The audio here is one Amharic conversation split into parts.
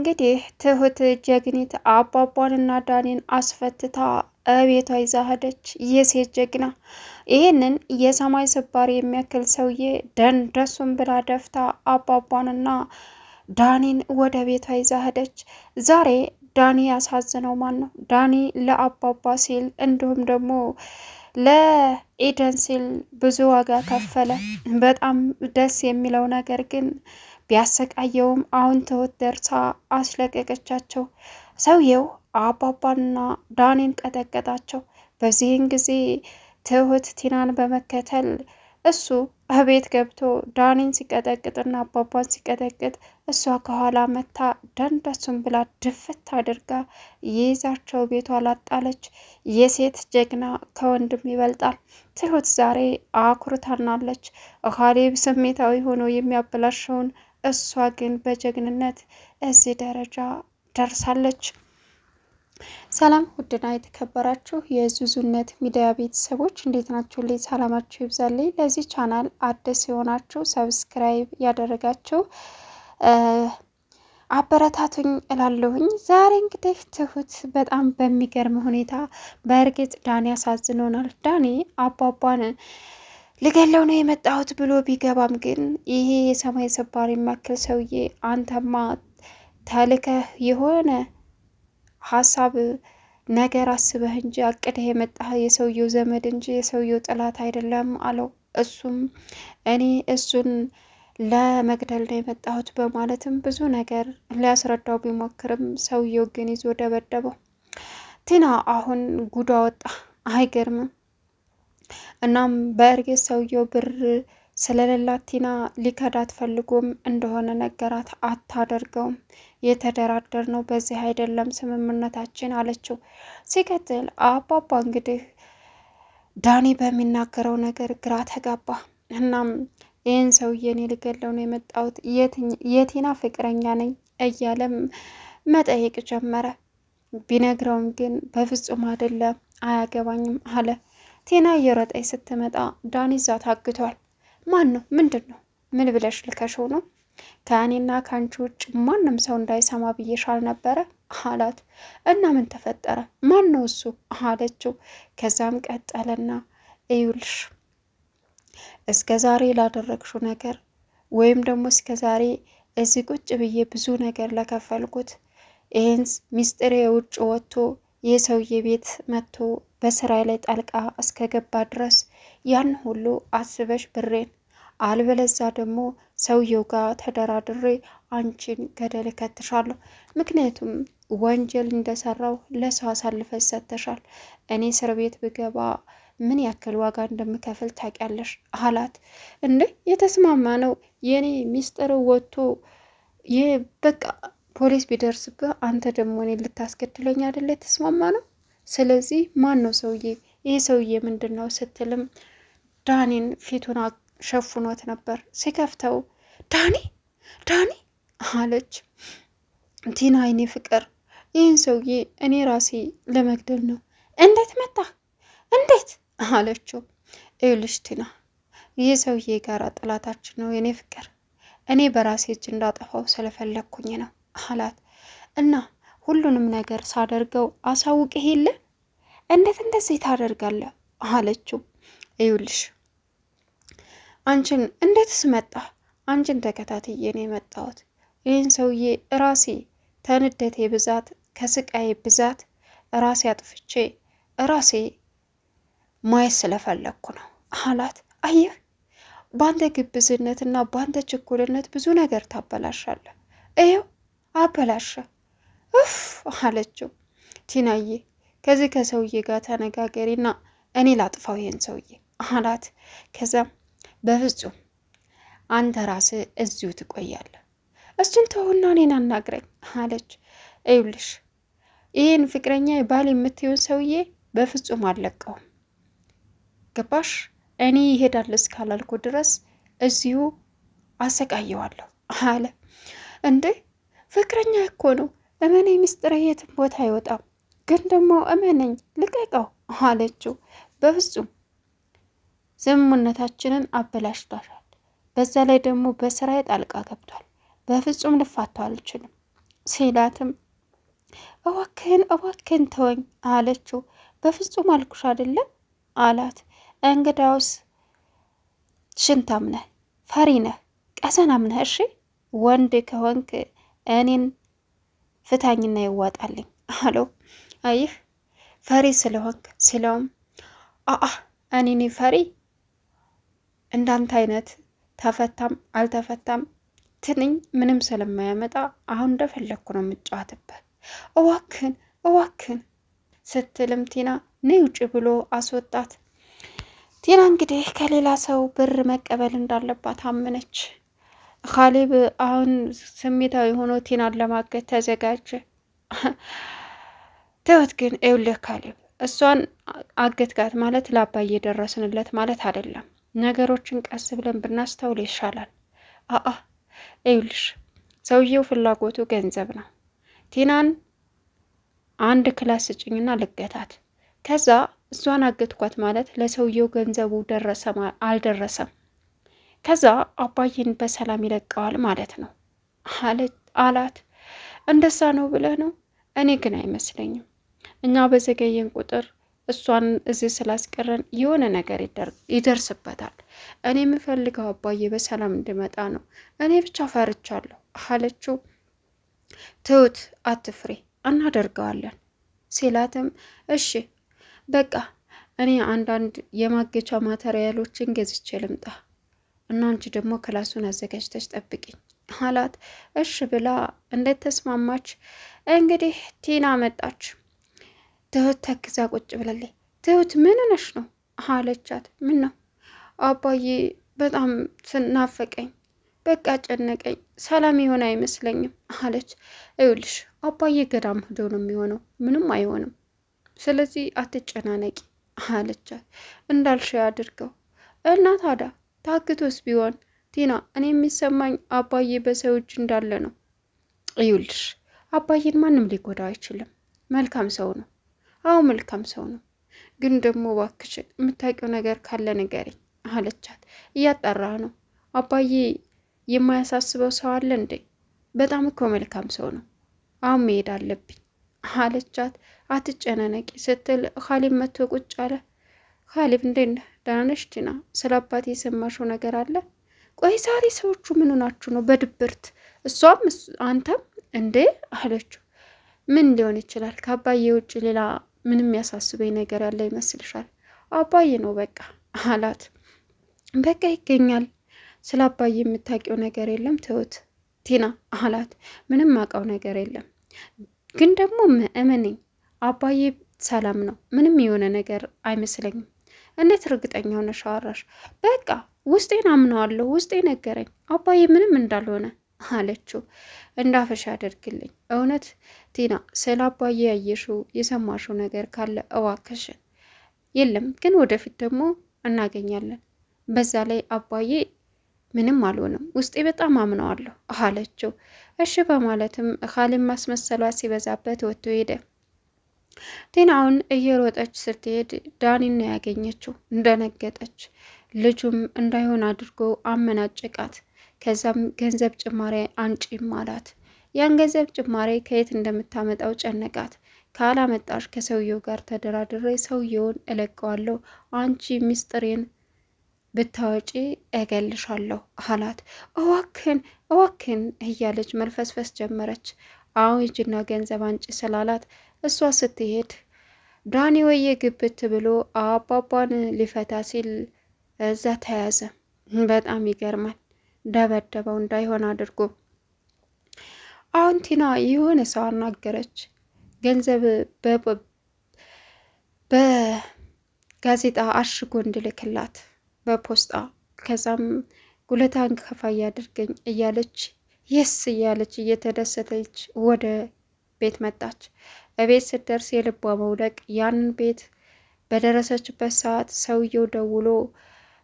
እንግዲህ ትሁት ጀግኒት እና ዳኔን አስፈትታ እቤቷ ይዛ ሄደች። የሴት ጀግና ይህንን የሰማይ ስባሪ የሚያክል ሰውዬ ደንደሱን ብላ ደፍታ አባቧንና ዳኔን ወደ ቤቷ ይዛ ሄደች። ዛሬ ዳኒ ያሳዝነው ማን ነው? ዳኒ ለአባባ ሲል እንዲሁም ደግሞ ለኢደን ሲል ብዙ ዋጋ ከፈለ። በጣም ደስ የሚለው ነገር ግን ቢያሰቃየውም አሁን ትሁት ደርሳ አስለቀቀቻቸው። ሰውየው አባባንና ዳኔን ቀጠቀጣቸው። በዚህን ጊዜ ትሁት ቲናን በመከተል እሱ እቤት ገብቶ ዳኔን ሲቀጠቅጥና አባባን ሲቀጠቅጥ እሷ ከኋላ መታ ደንደሱን ብላ ድፍት አድርጋ ይይዛቸው ቤቷ አላጣለች የሴት ጀግና ከወንድም ይበልጣል። ትሁት ዛሬ አኩርታናለች። ካሌብ ስሜታዊ ሆኖ የሚያበላሸውን እሷ ግን በጀግንነት እዚህ ደረጃ ደርሳለች። ሰላም ውድና የተከበራችሁ የዙዙነት ሚዲያ ቤተሰቦች እንዴት ናችሁ? ልይ ሰላማችሁ ይብዛልኝ። ለዚህ ቻናል አዲስ የሆናችሁ ሰብስክራይብ ያደረጋችሁ አበረታቱኝ እላለሁኝ። ዛሬ እንግዲህ ትሁት በጣም በሚገርም ሁኔታ በእርግጥ ዳኒ ያሳዝኖናል። ዳኒ አባቧን ልገለው ነው የመጣሁት ብሎ ቢገባም ግን ይሄ የሰማይ ሰባሪ የሚያክል ሰውዬ አንተማ ተልከህ የሆነ ሀሳብ ነገር አስበህ እንጂ አቅደህ የመጣህ የሰውየው ዘመድ እንጂ የሰውየው ጠላት አይደለም አለው። እሱም እኔ እሱን ለመግደል ነው የመጣሁት በማለትም ብዙ ነገር ሊያስረዳው ቢሞክርም ሰውየው ግን ይዞ ደበደበው። ቲና አሁን ጉዳ ወጣ። አይገርምም? እናም በእርግጥ ሰውየው ብር ስለሌላት ቲና ሊከዳት ፈልጎም እንደሆነ ነገራት። አታደርገውም፣ የተደራደር ነው በዚህ አይደለም ስምምነታችን አለችው። ሲቀጥል አባባ እንግዲህ ዳኒ በሚናገረው ነገር ግራ ተጋባ። እናም ይህን ሰውዬ እኔ ልገለው ነው የመጣሁት የቲና ፍቅረኛ ነኝ እያለም መጠየቅ ጀመረ። ቢነግረውም ግን በፍጹም አይደለም አያገባኝም አለ። ቴና እየሮጠች ስትመጣ ዳኒ እዛ ታግቷል። ማን ነው? ምንድን ነው? ምን ብለሽ ልከሽው ነው? ከእኔና ከአንቺ ውጭ ማንም ሰው እንዳይሰማ ብዬሻል ነበረ አላት። እና ምን ተፈጠረ? ማን ነው እሱ አለችው። ከዛም ቀጠለና እዩልሽ እስከ ዛሬ ላደረግሽው ነገር ወይም ደግሞ እስከ ዛሬ እዚህ ቁጭ ብዬ ብዙ ነገር ለከፈልኩት ይህን ሚስጥሬ ውጭ ወጥቶ የሰውዬ ቤት መጥቶ በስራ ላይ ጣልቃ እስከገባ ድረስ ያን ሁሉ አስበሽ ብሬን አልበለዛ ደግሞ ሰውየው ጋር ተደራድሬ አንቺን ገደል እከትሻለሁ። ምክንያቱም ወንጀል እንደሰራው ለሰው አሳልፈሽ ሰጥተሻል። እኔ እስር ቤት ብገባ ምን ያክል ዋጋ እንደምከፍል ታውቂያለሽ አላት። እንዴ የተስማማ ነው የኔ ሚስጥር ወጥቶ በቃ ፖሊስ ቢደርስብህ አንተ ደግሞ እኔ ልታስገድለኝ አደለ የተስማማ ነው። ስለዚህ ማን ነው ሰውዬ? ይህ ሰውዬ ምንድን ነው ስትልም ዳኒን ፊቱን ሸፍኖት ነበር። ሲከፍተው ዳኒ ዳኒ አለች ቲና። አይኔ ፍቅር፣ ይህን ሰውዬ እኔ ራሴ ለመግደል ነው። እንዴት መጣ እንዴት አለችው። እዩልሽ ቲና፣ ይህ ሰውዬ ጋር ጥላታችን ነው የኔ ፍቅር። እኔ በራሴ እጅ እንዳጠፋው ስለፈለግኩኝ ነው አላት። እና ሁሉንም ነገር ሳደርገው አሳውቅህ የለ እንዴት እንደዚህ ታደርጋለህ? አለችው። እዩልሽ አንቺን እንዴትስ መጣ አንቺን ተከታትዬ ነው የመጣሁት። ይህን ሰውዬ እራሴ ተንደቴ ብዛት ከስቃዬ ብዛት ራሴ አጥፍቼ ራሴ ማየት ስለፈለግኩ ነው አላት። አየህ በአንተ ግብዝነትና በአንተ ችኩልነት ብዙ ነገር ታበላሻለህ። ይኸው አበላሸ። እፍ አለችው። ቲናዬ ከዚህ ከሰውዬ ጋር ተነጋገሪና እኔ ላጥፋው ይሄን ሰውዬ አላት። ከዛም በፍጹም አንተ ራስህ እዚሁ ትቆያለህ፣ እሱን ተውና እኔን አናግረኝ አለች። እዩልሽ ይህን ፍቅረኛ ባል የምትሆን ሰውዬ በፍጹም አልለቀውም። ገባሽ? እኔ ይሄዳል እስካላልኩ ድረስ እዚሁ አሰቃየዋለሁ አለ። እንዴ ፍቅረኛ እኮ ነው። እመኔ ምስጢር የትም ቦታ አይወጣም። ግን ደግሞ እመነኝ ልቀቀው አለችው። በፍጹም ዝሙነታችንን አበላሽቷሻል። በዛ ላይ ደግሞ በስራ ጣልቃ ገብቷል። በፍጹም ልፋታው አልችልም ሲላትም እዋክህን እዋክህን ተወኝ አለችው። በፍጹም አልኩሽ አይደለም አላት። እንግዳውስ ሽንታም ነህ፣ ፈሪ ነህ፣ ቀሰናም ነህ። እሺ ወንድ ከሆንክ እኔን ፍታኝና ይዋጣልኝ አለው። አይህ ፈሪ ስለሆንክ ሲለውም አአ እኔኔ ፈሪ እንዳንተ አይነት ተፈታም አልተፈታም ትንኝ ምንም ስለማያመጣ አሁን እንደፈለግኩ ነው የምጫወትበት። እዋክን እዋክን ስትልም ቲና ነይ ውጭ ብሎ አስወጣት። ቲና እንግዲህ ከሌላ ሰው ብር መቀበል እንዳለባት አመነች። ካሌብ አሁን ስሜታዊ ሆኖ ቲናን ለማገት ተዘጋጀ። ትሁት ግን ይኸውልህ ካሌብ እሷን አገትጋት ማለት ለአባዬ እየደረስንለት ማለት አይደለም። ነገሮችን ቀስ ብለን ብናስተውል ይሻላል። አአ ይኸውልሽ ሰውየው ፍላጎቱ ገንዘብ ነው። ቲናን አንድ ክላስ ስጭኝና ልገታት። ከዛ እሷን አገትኳት ማለት ለሰውየው ገንዘቡ ደረሰ አልደረሰም ከዛ አባዬን በሰላም ይለቀዋል ማለት ነው አላት። እንደዛ ነው ብለህ ነው? እኔ ግን አይመስለኝም። እኛ በዘገየን ቁጥር እሷን እዚህ ስላስቀረን የሆነ ነገር ይደርስበታል። እኔ የምፈልገው አባዬ በሰላም እንድመጣ ነው። እኔ ብቻ ፈርቻለሁ አለችው። ትሁት አትፍሬ፣ እናደርገዋለን ሲላትም እሺ በቃ እኔ አንዳንድ የማገቻ ማተሪያሎችን ገዝቼ ልምጣ እና አንቺ ደግሞ ክላሱን አዘጋጅተች ጠብቂኝ አላት። እሽ ብላ እንዴት ተስማማች። እንግዲህ ቲና መጣች። ትሁት ተክዛ ቁጭ ብላለች። ትሁት ምን ነሽ ነው አለቻት። ምን ነው አባዬ በጣም ስናፈቀኝ በቃ ጨነቀኝ፣ ሰላም የሆነ አይመስለኝም አለች። እውልሽ አባዬ ገዳም ሄዶ ነው የሚሆነው፣ ምንም አይሆንም፣ ስለዚህ አትጨናነቂ አለቻት። እንዳልሽ አድርገው እና ታዲያ ታግቶስ ቢሆን ቲና፣ እኔ የሚሰማኝ አባዬ በሰው እጅ እንዳለ ነው። እዩልሽ፣ አባዬን ማንም ሊጎዳ አይችልም። መልካም ሰው ነው። አዎ መልካም ሰው ነው። ግን ደግሞ እባክሽን የምታውቂው ነገር ካለ ንገረኝ አለቻት። እያጣራ ነው አባዬ የማያሳስበው ሰው አለ እንዴ? በጣም እኮ መልካም ሰው ነው። አሁን መሄድ አለብኝ አለቻት። አትጨነነቂ ስትል ኻሊም መጥቶ ቁጭ አለ። ካሊብ እንዴት ነህ? ደህና ነሽ ቲና? ስለ አባቴ የሰማሽው ነገር አለ? ቆይ ዛሬ ሰዎቹ ምን ሆናችሁ ነው? በድብርት እሷም አንተም እንዴ አለችው። ምን ሊሆን ይችላል? ከአባዬ ውጭ ሌላ ምንም የሚያሳስበኝ ነገር ያለ ይመስልሻል? አባዬ ነው በቃ አላት። በቃ ይገኛል። ስለ አባዬ የምታውቂው ነገር የለም ትሁት ቲና አላት። ምንም አውቀው ነገር የለም ግን ደግሞ እመነኝ አባዬ ሰላም ነው። ምንም የሆነ ነገር አይመስለኝም። እንዴት እርግጠኛ ሆነሽ አወራሽ? በቃ ውስጤን አምነዋለሁ፣ ውስጤ ነገረኝ አባዬ ምንም እንዳልሆነ አለችው። እንዳፈሽ አደርግልኝ እውነት ቲና፣ ስለ አባዬ ያየሽው የሰማሽው ነገር ካለ እዋክሽን የለም፣ ግን ወደፊት ደግሞ እናገኛለን። በዛ ላይ አባዬ ምንም አልሆንም፣ ውስጤ በጣም አምነዋለሁ አለችው። እሺ በማለትም ኻሊብ ማስመሰሏ ሲበዛበት ወጥቶ ሄደ። ቴናውን እየሮጠች ስትሄድ ዳኒን ያገኘችው። እንደነገጠች ልጁም እንዳይሆን አድርጎ አመናጭቃት። ከዛም ገንዘብ ጭማሬ አንጪም አላት። ያን ገንዘብ ጭማሬ ከየት እንደምታመጣው ጨነቃት። ካላመጣሽ ከሰውየው ጋር ተደራድሬ ሰውየውን እለቀዋለሁ፣ አንቺ ሚስጥሬን ብታወጪ እገልሻለሁ አላት። እዋክን እዋክን እያለች መልፈስፈስ ጀመረች። አሁን ሂጂና ገንዘብ አንጪ ስላላት እሷ ስትሄድ ዳኒ ወየ ግብት ብሎ አባቧን ሊፈታ ሲል እዛ ተያዘ። በጣም ይገርማል። ደበደበው እንዳይሆን አድርጎ። አሁን ቲና የሆነ ሰው አናገረች። ገንዘብ በጋዜጣ አሽጎ እንድልክላት በፖስጣ ከዛም ጉለታን ከፋ እያደርገኝ እያለች የስ እያለች እየተደሰተች ወደ ቤት መጣች። እቤት ስትደርስ የልቧ መውደቅ ያንን ቤት በደረሰችበት ሰዓት ሰውየው ደውሎ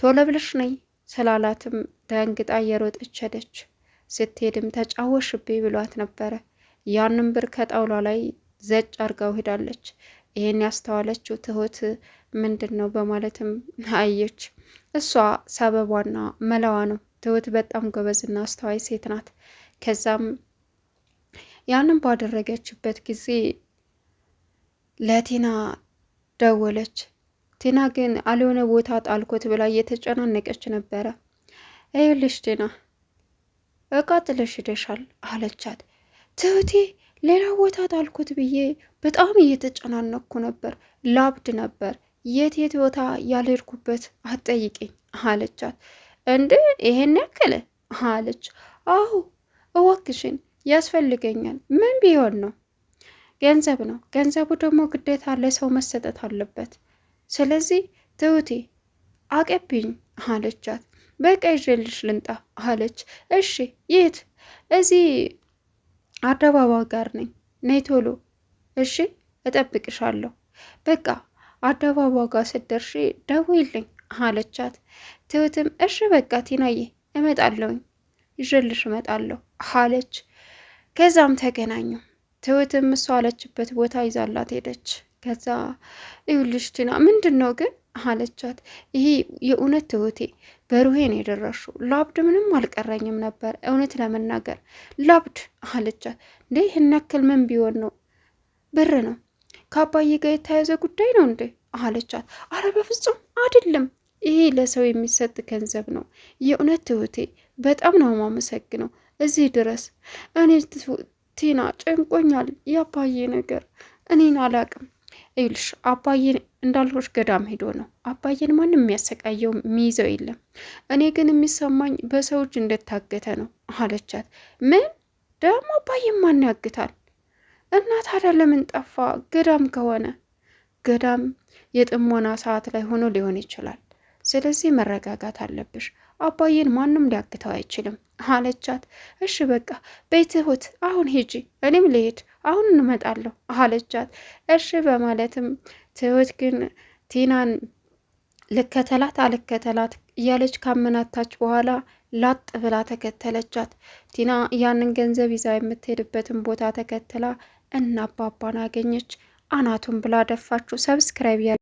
ቶሎ ብለሽ ነይ ስላላትም ደንግጣ እየሮጠች ሄደች። ስትሄድም ተጫወሽብኝ ብሏት ነበረ። ያንን ብር ከጣውሏ ላይ ዘጭ አርጋው ሄዳለች። ይህን ያስተዋለችው ትሁት ምንድን ነው በማለትም አየች። እሷ ሰበቧና መላዋ ነው። ትሁት በጣም ጎበዝና አስተዋይ ሴት ናት። ከዛም ያንን ባደረገችበት ጊዜ ለቲና ደወለች። ቲና ግን አልሆነ ቦታ ጣልኮት ብላ እየተጨናነቀች ነበረ። ይኸውልሽ ቲና እቃ ጥለሽ አለቻት። ትሁቴ ሌላ ቦታ ጣልኩት ብዬ በጣም እየተጨናነኩ ነበር፣ ላብድ ነበር። የት የት ቦታ ያልሄድኩበት አትጠይቅኝ አለቻት። እንደ ይሄን ያክል አለች። አሁ እወክሽን ያስፈልገኛል። ምን ቢሆን ነው ገንዘብ ነው። ገንዘቡ ደግሞ ግዴታ ለሰው መሰጠት አለበት። ስለዚህ ትሁቴ አቀብኝ አለቻት። በቃ ይዤልሽ ልንጣ አለች። እሺ የት? እዚህ አደባባይ ጋር ነኝ። ነይ ቶሎ። እሺ እጠብቅሻለሁ። በቃ አደባባይ ጋር ስደርሺ ደውይልኝ አለቻት። ትሁትም እሺ በቃ ቲናዬ እመጣለሁኝ ይዤልሽ እመጣለሁ አለች። ከዛም ተገናኙ። ትሁትም እሷ አለችበት ቦታ ይዛላት ሄደች። ከዛ ይኸውልሽ ቲና ምንድን ነው ግን አለቻት። ይሄ የእውነት ትሁቴ በሩሄን የደረሹ ላብድ ምንም አልቀረኝም ነበር እውነት ለመናገር ላብድ አለቻት። እንዴ ይህን ያክል ምን ቢሆን ነው? ብር ነው ከአባዬ ጋር የተያዘ ጉዳይ ነው እንዴ አለቻት። አረ በፍጹም አይደለም፣ ይሄ ለሰው የሚሰጥ ገንዘብ ነው። የእውነት ትሁቴ በጣም ነው ማመሰግነው። እዚህ ድረስ እኔ ቲና ጨንቆኛል። የአባዬ ነገር እኔን አላቅም። ይልሽ አባዬ እንዳልሆሽ ገዳም ሄዶ ነው። አባዬን ማንም የሚያሰቃየው የሚይዘው የለም። እኔ ግን የሚሰማኝ በሰው እጅ እንደታገተ ነው አለቻት። ምን ደግሞ አባዬን ማን ያግታል? እና ታዲያ ለምን ጠፋ? ገዳም ከሆነ ገዳም የጥሞና ሰዓት ላይ ሆኖ ሊሆን ይችላል። ስለዚህ መረጋጋት አለብሽ። አባዬን ማንም ሊያግተው አይችልም። አለቻት። እሺ በቃ ሁት አሁን ሂጂ፣ እኔም ልሄድ፣ አሁን እንመጣለሁ አለቻት። እሺ በማለትም ትሁት ግን ቲናን ልከተላት አልከተላት እያለች ካመናታች በኋላ ላጥ ብላ ተከተለቻት። ቲና ያንን ገንዘብ ይዛ የምትሄድበትን ቦታ ተከትላ እና አባባን አገኘች። አናቱን ብላ ደፋችሁ። ሰብስክራይብ